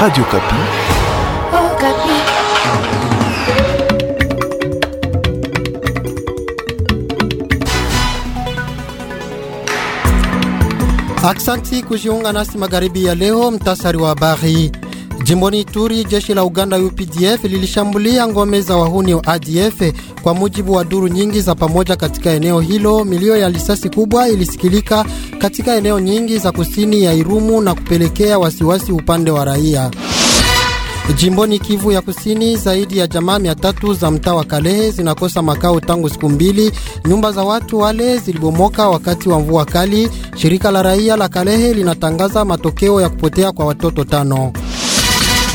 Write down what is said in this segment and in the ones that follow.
Radio Kapi. Oh, Kapi. Aksanti kujiunga nasi magharibi ya leo, mtasari wa habari. Jimboni Ituri, jeshi la Uganda UPDF lilishambulia ngome za wahuni wa ADF kwa mujibu wa duru nyingi za pamoja katika eneo hilo. Milio ya risasi kubwa ilisikilika katika eneo nyingi za kusini ya Irumu na kupelekea wasiwasi upande wa raia. Jimboni Kivu ya Kusini, zaidi ya jamaa mia tatu za mtaa wa Kalehe zinakosa makao tangu siku mbili. Nyumba za watu wale zilibomoka wakati wa mvua kali. Shirika la raia la Kalehe linatangaza matokeo ya kupotea kwa watoto tano.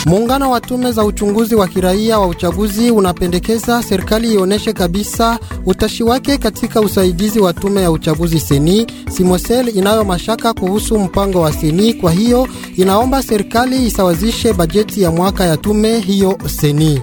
Muungano wa tume za uchunguzi wa kiraia wa uchaguzi unapendekeza serikali ionyeshe kabisa utashi wake katika usaidizi wa tume ya uchaguzi seni. Simosel inayo mashaka kuhusu mpango wa seni, kwa hiyo inaomba serikali isawazishe bajeti ya mwaka ya tume hiyo seni.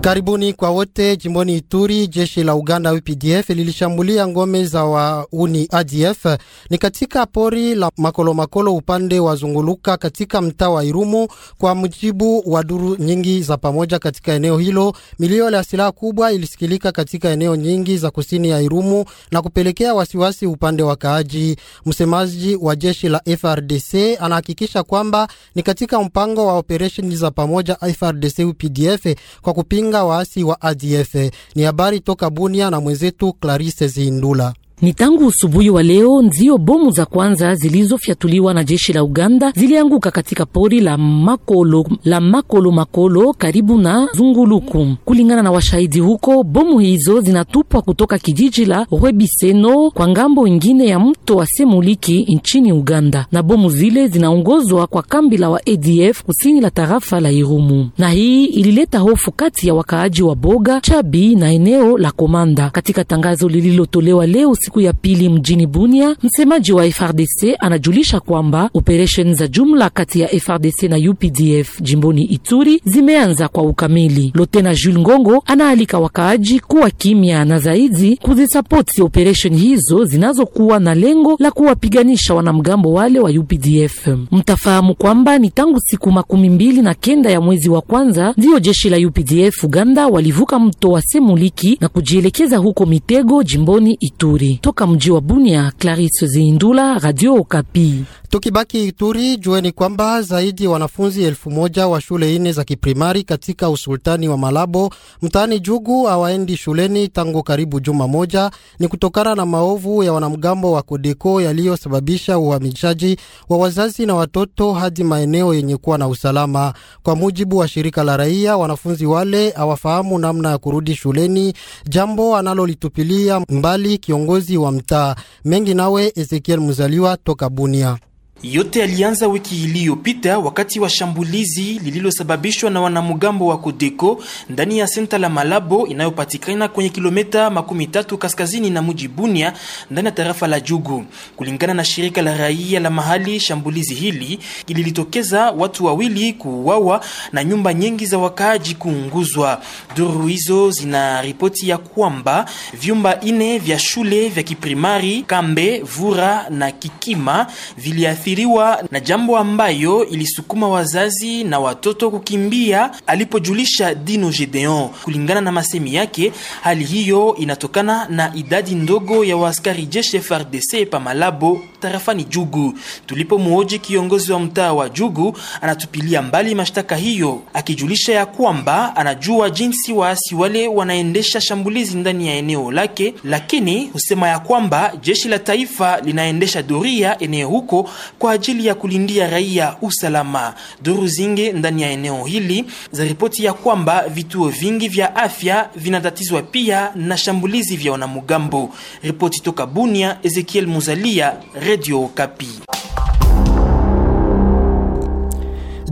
Karibuni kwa wote. Jimboni Ituri, jeshi la Uganda UPDF lilishambulia ngome za wauni ADF ni katika pori la makolo makolo upande wa zunguluka katika mtaa wa Irumu, kwa mujibu wa duru nyingi za pamoja katika eneo hilo. Milio ya silaha kubwa ilisikilika katika eneo nyingi za kusini ya Irumu na kupelekea wasiwasi upande wa kaaji. Msemaji wa jeshi la FRDC anahakikisha kwamba ni katika mpango wa operesheni za pamoja FRDC UPDF kwa kupinga kupinga waasi wa ADF. Ni habari toka Bunia na mwenzetu Clarisse Zindula. Ni tangu usubuhi wa leo ndio bomu za kwanza zilizofyatuliwa na jeshi la Uganda zilianguka katika pori la Makolo la Makolo Makolo karibu na Zunguluku. Kulingana na washahidi huko, bomu hizo zinatupwa kutoka kijiji la Rwebiseno kwa ngambo ingine ya mto wa Semuliki nchini Uganda, na bomu zile zinaongozwa kwa kambi la wa ADF kusini la tarafa la Irumu, na hii ilileta hofu kati ya wakaaji wa Boga Chabi na eneo la Komanda. Katika tangazo lililotolewa leo siku ya pili mjini Bunia, msemaji wa FRDC anajulisha kwamba operesheni za jumla kati ya FRDC na UPDF jimboni Ituri zimeanza kwa ukamili. Lotena Jules Ngongo anaalika wakaaji kuwa kimya na zaidi kuzisapoti operesheni hizo zinazokuwa na lengo la kuwapiganisha wanamgambo wale wa UPDF. Mtafahamu kwamba ni tangu siku makumi mbili na kenda ya mwezi wa kwanza ndiyo jeshi la UPDF Uganda walivuka mto wa Semuliki na kujielekeza huko Mitego jimboni Ituri. Toka mji wa Bunia, Clarisse Zindula, Radio Okapi. Tukibaki Ituri, jueni kwamba zaidi ya wanafunzi elfu moja wa shule ine za kiprimari katika usultani wa Malabo mtaani Jugu hawaendi shuleni tangu karibu juma moja. Ni kutokana na maovu ya wanamgambo wa Kodeko yaliyosababisha uhamishaji wa wazazi na watoto hadi maeneo yenye kuwa na usalama. Kwa mujibu wa shirika la raia, wanafunzi wale hawafahamu namna ya kurudi shuleni, jambo analolitupilia mbali kiongozi wa mtaa mengi. Nawe Ezekiel Muzaliwa toka Bunia. Yote alianza wiki iliyopita wakati wa shambulizi lililosababishwa na wanamgambo wa Kodeko ndani ya senta la Malabo inayopatikana kwenye kilomita makumi tatu kaskazini na mji Bunia ndani ya tarafa la Jugu. Kulingana na shirika la raia la mahali, shambulizi hili lilitokeza watu wawili kuuawa na nyumba nyingi za wakaaji kuunguzwa. Duru hizo zina ripoti ya kwamba vyumba ine vya shule vya kiprimari Kambe, Vura na Kikima viliathiri kuathiriwa na jambo ambayo ilisukuma wazazi na watoto kukimbia, alipojulisha Dino Gedeon. Kulingana na masemi yake, hali hiyo inatokana na idadi ndogo ya waaskari jeshi FRDC pa Malabo tarafani Jugu. Tulipomhoji kiongozi wa mtaa wa Jugu, anatupilia mbali mashtaka hiyo, akijulisha ya kwamba anajua jinsi waasi wale wanaendesha shambulizi ndani ya eneo lake, lakini husema ya kwamba jeshi la taifa linaendesha doria eneo huko kwa ajili ya kulindia raia usalama. Duru zinge ndani ya eneo hili za ripoti ya kwamba vituo vingi vya afya vinatatizwa pia na shambulizi vya wanamugambo. Ripoti toka Bunia, Ezekiel Muzalia, Radio Kapi.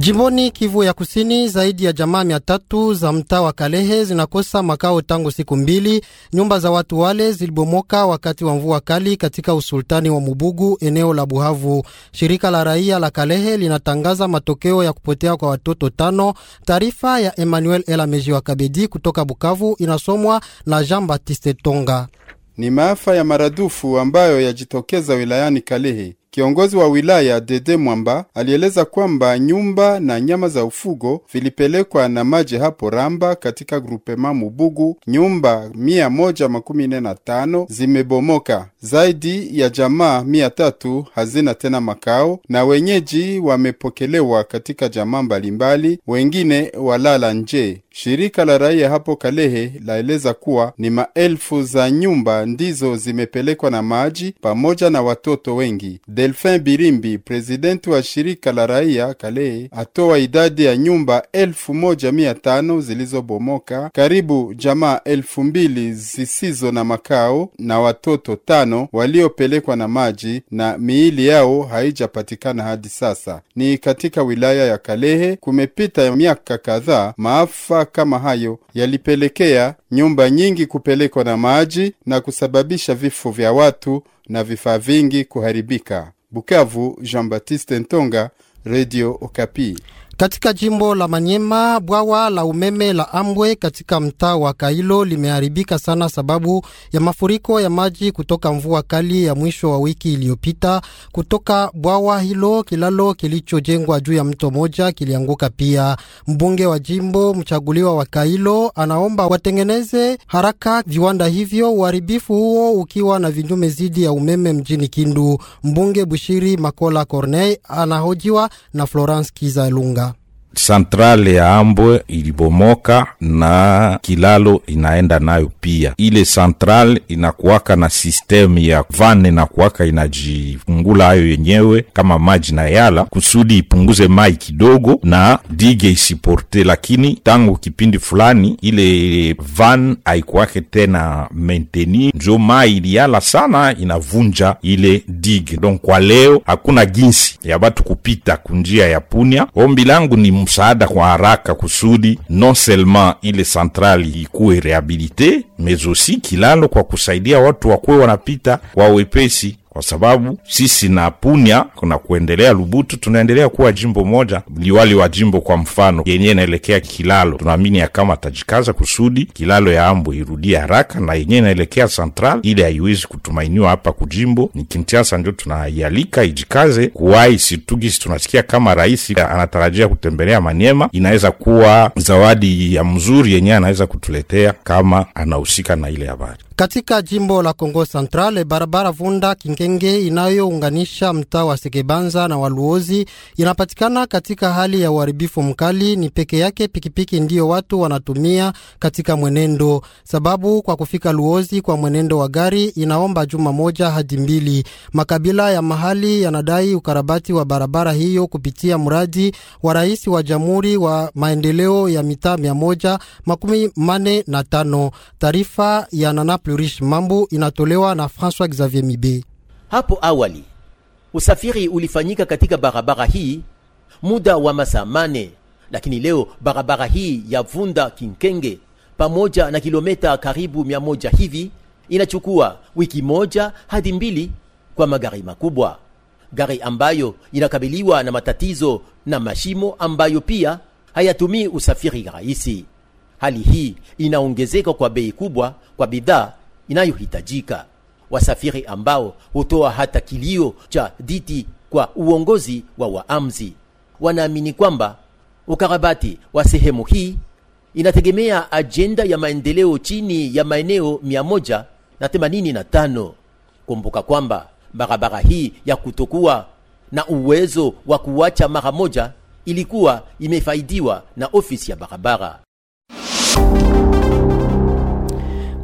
Jimboni Kivu ya Kusini, zaidi ya jamaa mia tatu za mtaa wa Kalehe zinakosa makao tangu siku mbili. Nyumba za watu wale zilibomoka wakati wa mvua kali katika usultani wa Mubugu, eneo la Buhavu. Shirika la raia la Kalehe linatangaza matokeo ya kupotea kwa watoto tano. Taarifa ya Emmanuel Elameji wa Kabedi kutoka Bukavu inasomwa na Jean Baptiste Tonga. Ni maafa ya maradufu ambayo yajitokeza wilayani Kalehe Kiongozi wa wilaya Dede Mwamba alieleza kwamba nyumba na nyama za ufugo vilipelekwa na maji hapo Ramba katika grupema Mubugu, nyumba 145 zimebomoka, zaidi ya jamaa 3 hazina tena makao, na wenyeji wamepokelewa katika jamaa mbalimbali, wengine walala nje. Shirika la raia hapo Kalehe laeleza kuwa ni maelfu za nyumba ndizo zimepelekwa na maji pamoja na watoto wengi De Delfin Birimbi, prezidenti wa shirika la raia Kale, atoa idadi ya nyumba elfu moja mia tano zilizobomoka, karibu jamaa elfu mbili zisizo na makao na watoto tano waliopelekwa na maji na miili yao haijapatikana hadi sasa. Ni katika wilaya ya Kalehe. Kumepita miaka kadhaa, maafa kama hayo yalipelekea nyumba nyingi kupelekwa na maji na kusababisha vifo vya watu na vifaa vingi kuharibika. Bukavu, Jean-Baptiste Ntonga, Radio Okapi. Katika jimbo la Manyema, bwawa la umeme la Ambwe katika mtaa wa Kailo limeharibika sana sababu ya mafuriko ya maji kutoka mvua kali ya mwisho wa wiki iliyopita. Kutoka bwawa hilo, kilalo kilichojengwa juu ya mto moja kilianguka pia. Mbunge wa jimbo mchaguliwa wa Kailo anaomba watengeneze haraka viwanda hivyo, uharibifu huo ukiwa na vinyume zidi ya umeme mjini Kindu. Mbunge Bushiri Makola Corneille anahojiwa na Florence Kiza Lunga. Santrale ya Ambwe ilibomoka na kilalo inaenda nayo pia. Ile santrale inakuwaka na sistemu ya vane na kuwaka inajifungula hayo yenyewe kama maji na yala, kusudi ipunguze mai kidogo na dige isiporte, lakini tangu kipindi fulani ile van haikuwake tena mainteni, njo mai iliyala sana inavunja ile dige. Don kwa leo hakuna ginsi ya batu kupita kunjia ya Punia. Ombi langu ni msaada kwa haraka kusudi non seulement ile centrale ikuwe rehabilite aussi kilalo kwa kusaidia watu wakuwe wanapita kwa wepesi kwa sababu sisi na Punya na kuendelea Lubutu tunaendelea kuwa jimbo moja. Liwali wa jimbo kwa mfano yenye inaelekea Kilalo, tunaamini ya kama atajikaza kusudi Kilalo ya Ambo irudie haraka, na yenye inaelekea Central ile haiwezi kutumainiwa hapa kujimbo. Ni kintiasa ndio tunaialika ijikaze kuwai situgisi. Tunasikia kama raisi anatarajia kutembelea Maniema, inaweza kuwa zawadi ya mzuri yenye anaweza kutuletea kama anahusika na ile habari katika jimbo la Kongo Central, barabara vunda kinge Kasenge inayounganisha mtaa wa Sekebanza na Waluozi inapatikana katika hali ya uharibifu mkali. Ni peke yake pikipiki ndiyo watu wanatumia katika mwenendo, sababu kwa kufika Luozi kwa mwenendo wa gari inaomba juma moja hadi mbili. Makabila ya mahali yanadai ukarabati wa barabara hiyo kupitia mradi wa rais wa jamhuri wa maendeleo ya mitaa mia moja makumi mane na tano. Taarifa ya Nana Plurish Mambu inatolewa na François Xavier Mibe. Hapo awali usafiri ulifanyika katika barabara hii muda wa masaa mane, lakini leo barabara hii ya Vunda Kinkenge pamoja na kilomita karibu mia moja hivi inachukua wiki moja hadi mbili kwa magari makubwa, gari ambayo inakabiliwa na matatizo na mashimo ambayo pia hayatumii usafiri rahisi. Hali hii inaongezeka kwa bei kubwa kwa bidhaa inayohitajika wasafiri ambao hutoa hata kilio cha dhiti kwa uongozi wa waamzi. Wanaamini kwamba ukarabati wa sehemu hii inategemea ajenda ya maendeleo chini ya maeneo 185. Kumbuka kwamba barabara hii ya kutokuwa na uwezo wa kuwacha mara moja ilikuwa imefaidiwa na ofisi ya barabara.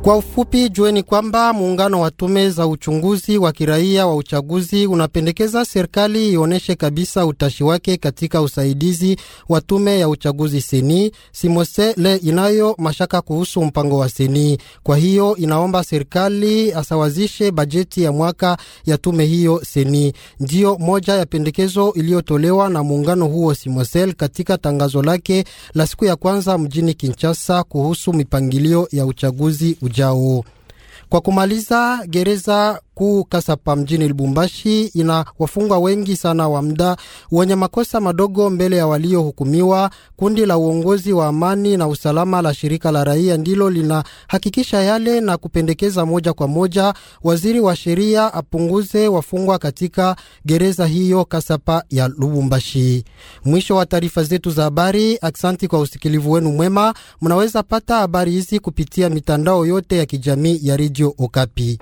Kwa ufupi, jueni kwamba muungano wa tume za uchunguzi wa kiraia wa uchaguzi unapendekeza serikali ionyeshe kabisa utashi wake katika usaidizi wa tume ya uchaguzi seni simose le inayo mashaka kuhusu mpango wa seni. Kwa hiyo inaomba serikali asawazishe bajeti ya mwaka ya tume hiyo seni. Ndiyo moja ya pendekezo iliyotolewa na muungano huo simosel katika tangazo lake la siku ya kwanza mjini Kinshasa kuhusu mipangilio ya uchaguzi ujao. Kwa kumaliza, gereza kuu Kasapa mjini Lubumbashi ina wafungwa wengi sana wa muda wenye makosa madogo mbele ya waliohukumiwa. Kundi la uongozi wa amani na usalama la shirika la raia ndilo linahakikisha yale na kupendekeza moja kwa moja waziri wa sheria apunguze wafungwa katika gereza hiyo Kasapa ya Lubumbashi. Mwisho wa taarifa zetu za habari. Aksanti kwa usikilivu wenu mwema. Mnaweza pata habari hizi kupitia mitandao yote ya kijamii ya Redio Okapi.